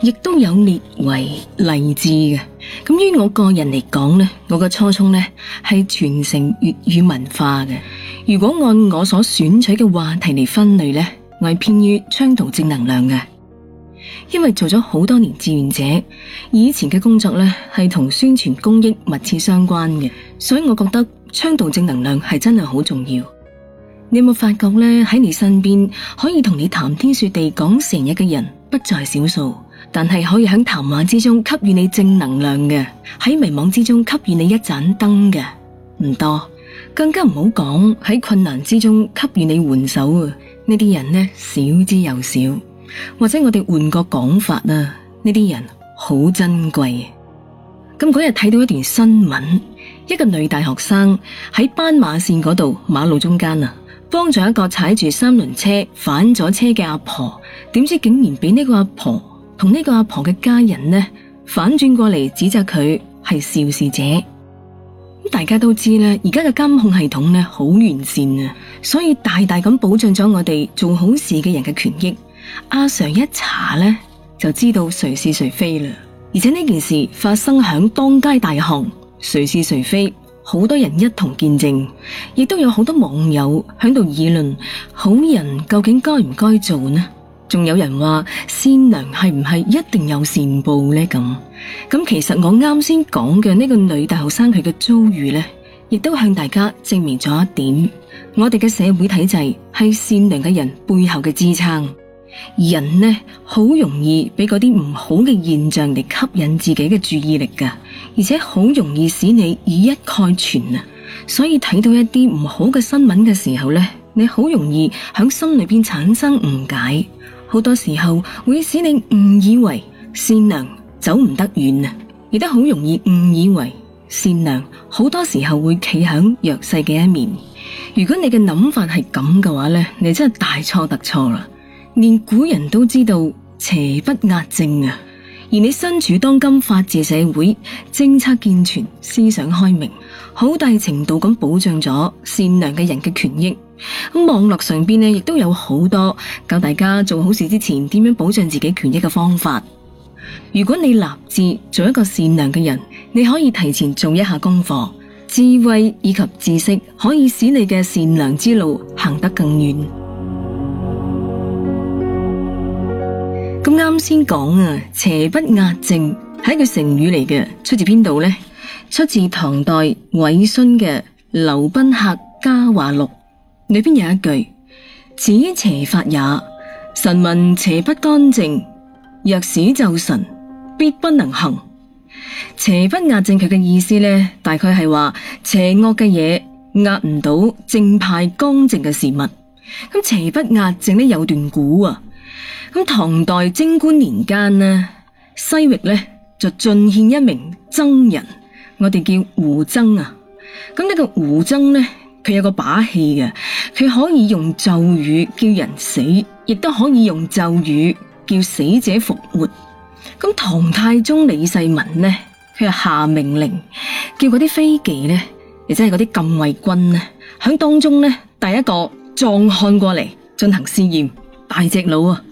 亦都有列為勵志嘅，咁於我個人嚟講呢，我嘅初衷呢係傳承粵語文化嘅。如果按我所選取嘅話題嚟分類呢，我係偏於倡導正能量嘅，因為做咗好多年志願者，以前嘅工作呢係同宣傳公益密切相關嘅，所以我覺得倡導正能量係真係好重要。你有冇發覺咧？喺你身邊可以同你談天說地講成日嘅人不在少數，但係可以喺談話之中給予你正能量嘅，喺迷惘之中給予你一盞燈嘅，唔多，更加唔好講喺困難之中給予你援手啊！呢啲人呢，少之又少，或者我哋換個講法啊。呢啲人好珍貴。咁嗰日睇到一段新聞，一個女大學生喺斑馬線嗰度馬路中間啊！幫咗一個踩住三輪車反咗車嘅阿婆，點知竟然俾呢個阿婆同呢個阿婆嘅家人呢反轉過嚟指責佢係肇事者？大家都知啦，而家嘅監控系統呢好完善啊，所以大大咁保障咗我哋做好事嘅人嘅權益。阿 sir 一查呢，就知道誰是誰非啦。而且呢件事發生響當街大巷，誰是誰非？好多人一同見證，亦都有好多網友響度議論，好人究竟該唔該做呢？仲有人話善良係唔係一定有善報呢？咁咁其實我啱先講嘅呢個女大學生，佢嘅遭遇呢，亦都向大家證明咗一點，我哋嘅社會體制係善良嘅人背後嘅支撐。人呢好容易俾嗰啲唔好嘅現象嚟吸引自己嘅注意力㗎，而且好容易使你以一概全啊。所以睇到一啲唔好嘅新聞嘅時候呢，你好容易喺心裏邊產生誤解，好多時候會使你誤以為善良走唔得遠啊，亦都好容易誤以為善良好多時候會企響弱勢嘅一面。如果你嘅諗法係咁嘅話呢，你真係大錯特錯啦。連古人都知道邪不壓正啊！而你身處當今法治社會，政策健全，思想開明，好大程度咁保障咗善良嘅人嘅權益。咁網絡上邊呢，亦都有好多教大家做好事之前點樣保障自己權益嘅方法。如果你立志做一個善良嘅人，你可以提前做一下功課，智慧以及知識可以使你嘅善良之路行得更遠。啱先講啊，邪不壓正係一句成語嚟嘅，出自邊度呢？出自唐代韋勳嘅《劉賓客嘉話錄》裏邊有一句：此邪法也，神聞邪不干正，若使咒神，必不能行。邪不壓正，佢嘅意思呢，大概係話邪惡嘅嘢壓唔到正派乾淨嘅事物。咁邪不壓正呢，有段古啊。咁唐代貞觀年間呢，西域呢就進獻一名僧人，我哋叫胡僧啊。咁呢個胡僧呢，佢有個把戲嘅，佢可以用咒語叫人死，亦都可以用咒語叫死者復活。咁唐太宗李世民呢，佢下命令叫嗰啲飛騎呢，亦即係嗰啲禁衛軍呢，響當中呢第一個壯漢過嚟進行試驗，大隻佬啊！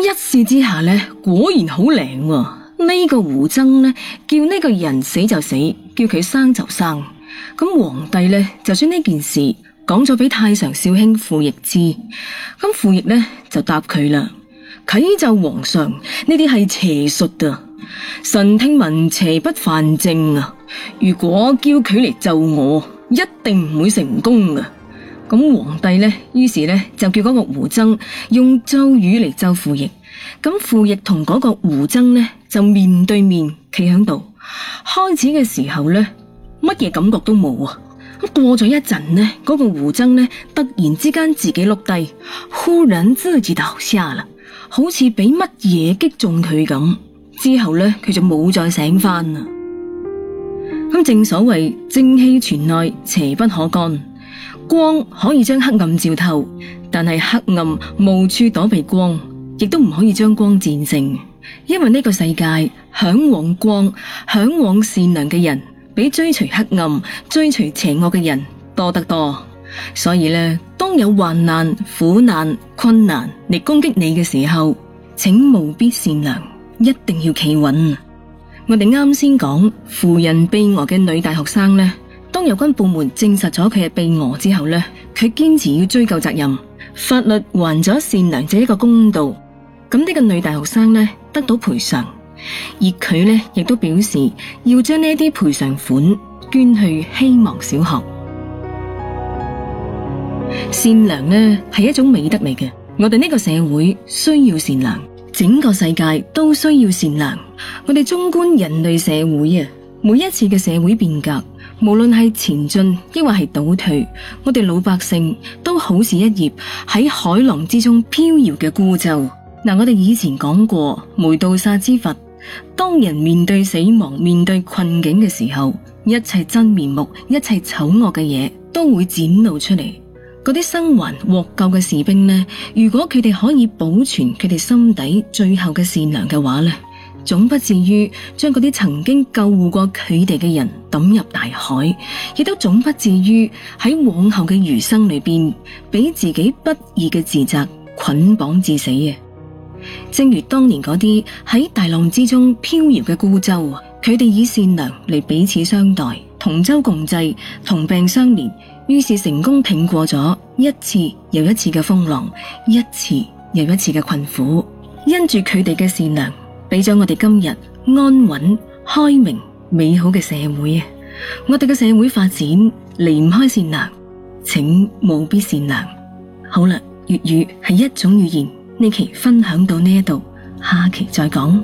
一試之下呢，果然好靈啊。呢、呢個胡僧呢，叫呢個人死就死，叫佢生就生。咁皇帝呢，就將呢件事講咗俾太常少卿傅奕知，咁傅奕呢，就答佢啦，啟奏皇上，呢啲係邪術啊！臣聽聞邪不犯正啊，如果叫佢嚟咒我，一定唔會成功啊！咁皇帝咧，於是咧就叫嗰個胡僧用咒語嚟咒傅奕。咁傅奕同嗰個胡僧咧就面對面企喺度。開始嘅時候咧，乜嘢感覺都冇啊。咁過咗一陣咧，嗰個胡僧咧突然之間自己碌低，忽然之間就倒下啦，好似俾乜嘢擊中佢咁。之後咧，佢就冇再醒翻啦。咁正所謂正氣存內，邪不可干。光可以將黑暗照透，但係黑暗無處躲避光，亦都唔可以將光戰勝。因為呢個世界向往光、向往善良嘅人，比追隨黑暗、追隨邪惡嘅人多得多。所以呢，當有患難、苦難、困難嚟攻擊你嘅時候，請務必善良，一定要企穩。我哋啱先講扶人被訛嘅女大學生呢。當有關部門證實咗佢係被訛之後呢，佢堅持要追究責任。法律還咗善良者一個公道。咁呢個女大學生咧得到賠償，而佢咧亦都表示要將呢啲賠償款捐去希望小學。善良呢係一種美德嚟嘅，我哋呢個社會需要善良，整個世界都需要善良。我哋縱觀人類社會啊，每一次嘅社會變革。無論係前進抑或係倒退，我哋老百姓都好似一葉喺海浪之中飄搖嘅孤舟。嗱，我哋以前講過梅杜薩之筏，當人面對死亡、面對困境嘅時候，一切真面目、一切醜惡嘅嘢都會展露出嚟。嗰啲生還獲救嘅士兵呢，如果佢哋可以保存佢哋心底最後嘅善良嘅話呢。總不至於將嗰啲曾經救護過佢哋嘅人抌入大海，亦都總不至於喺往後嘅餘生裏面，俾自己不義嘅自責捆綁致死。正如當年嗰啲喺大浪之中飄搖嘅孤舟，佢哋以善良嚟彼此相待，同舟共濟，同病相憐，於是成功挺過咗一次又一次嘅風浪，一次又一次嘅困苦。因住佢哋嘅善良。俾咗我哋今日安穩、開明、美好嘅社會。我哋嘅社會發展離唔開善良，請務必善良。好啦，粵語係一種語言，呢期分享到呢一度，下期再講。